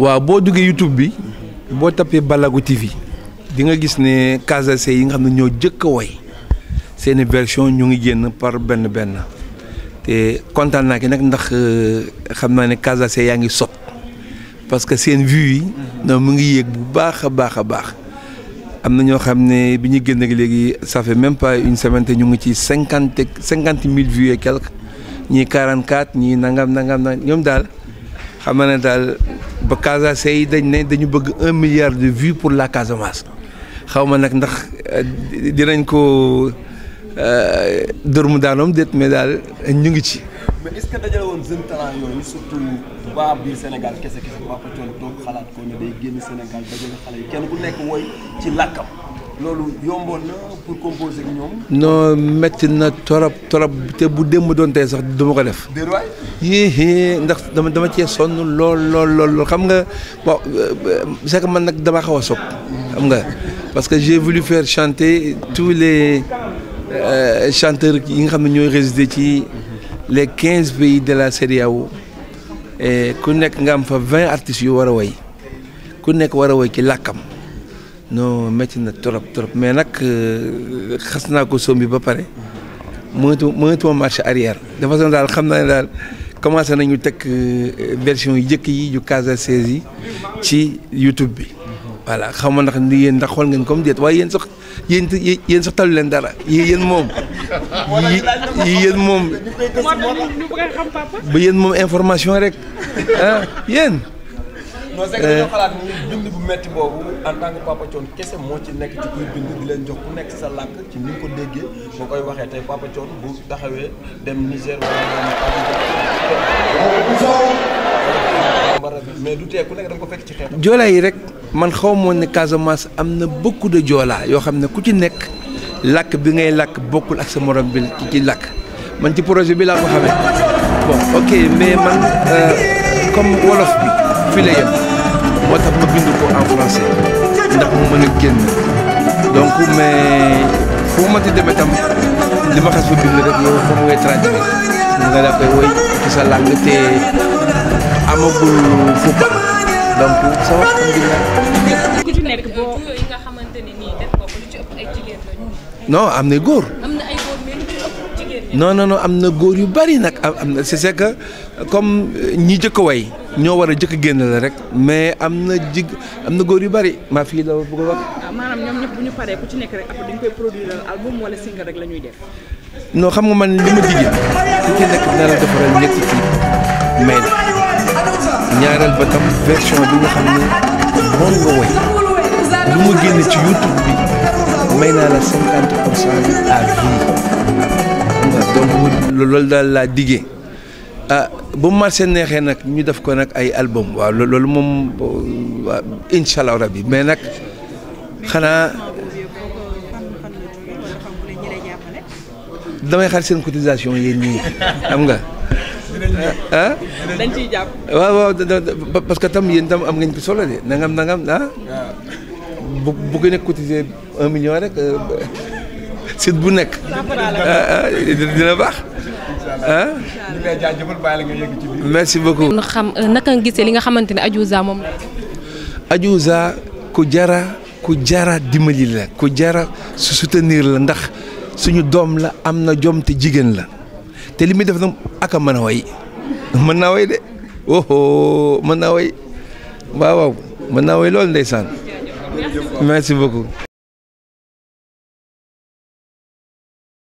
waaw boo duggee YouTube bi boo tappee Balago TV di nga gis ne casase yi nga xam ne ñoo jëkk a woy seeni version ñu ngi génn par benn benn te kontaan naa ki nag ndax euh, xam naa ne casase yaa ngi sot parce que seen vue yi noonu mu ngi yéeg bu baax a baax a baax am na ñoo xam ne bi ñu génn ak léegi ça fait même pas une semaine te ñu ngi ci cinquante cinquante mille vues et quelques ñii quarante quatre ñii nangam nangam nangam ñoom daal xam na ne daal ba Casamance yi dañ ne dañu bëgg un milliard de vie pour la Casamance xaw ma nag ndax euh, dinañ ko euh, dër mu daanoom déet mais daal ñu ngi ci. mais est-ce que surtout waa biir Sénégal kese kese Papa Thione toog xalaat ko day génn Sénégal dajale xale yi kenn ku nekk woy ci làkkam. loolu yomboon na pour composer ak ñoom. non metti na torop torop te bu démb doon tey sax dama ko def. déedéet ndax dama dama cee sonn lool lool lool xam nga bon euh, c'est que man nag dama xaw a sopp xam nga parce que j'ai voulu faire chanter tous les euh, chanteurs yi nga xam ne ñooy résider ci les quinze pays de la e ku nekk nga am fa vingt artistes yu war a woy ku nekk war a woy ci làkkam. non mettin na trop trop mais nag euh, xas naa ko sombi ba pare mënatu mënatuma marché arrière de daal xam naa ne daal commencé ñu teg euh, version yi njëkk yi ju Casa 16 yi ci YouTube bi voilà xam ma ndax ni yéen ndax xool ngeen comme déet waaye yéen sax yéen yéen sax talu leen dara yi yéen moom yi yéen moom ba yéen moom information rek ah yéen non c'est que dañoo bu metti boobu en tant moo ci nekk ci leen jox ku nekk sa làkk ci ni nga ko déggee boo koy waxee tey Papa taxawee dem Niger wala mais du tee ku nekk da ci xeetam. joolaa yi rek man xaw ma ne Casamance am na beaucoup de joolaa yoo xam ne ku ci nekk làkk bi ngay làkk bokkul ak sa morom bi ci làkk man ci projet bi laa ko xamee bon ok mais man euh, comme wolof bi. fii la yem moo tax ma bind ko en français ndax mu mën a génn donc mais fu ma ti demee tam li ma xas fa bind rek yow moom ngay traduire nga def koy woy ci sa te amagul fu ba donc ça va alhamdulilah. ku non am na góor. non non non am na góor yu bari nag am na c'est comme ñi jëkk way ñoo war a jëkk génn la rek mais am na jig am na góor yu bari maa fii la bëgg a wax. Ah, maanaam ñoom ñëpp rek après la ñuy def. non xam man li ma bi ci YouTube bi may naa la cinquante pour cent bi à donc loolu daal laa diggee ah bu marché neexee nag ñu def ko nag ay album waaw loolu moom incha allah rabi mais nag xanaa damay xaar seen cotisation yéen ñii xam nga. ah dañ ciy jàpp. waaw waaw parce que tam yéen tam am ngeen ko solo de nangam nangam ah. bu bu gën a un million rek. Euh, sit bu nekk euh, euh, dina baax ah. merci beaucoup. na xam euh, naka nga gisee li nga xamante ne Adiouza moom la. Adiouza ku jara ku jara dimbali la ku jara su soutenir la ndax suñu doom la am na jom te jigéen la te li muy def nag aka mën a way mën naa way de oh mën naa way waaw waaw mën loolu ndeysaan merci beaucoup.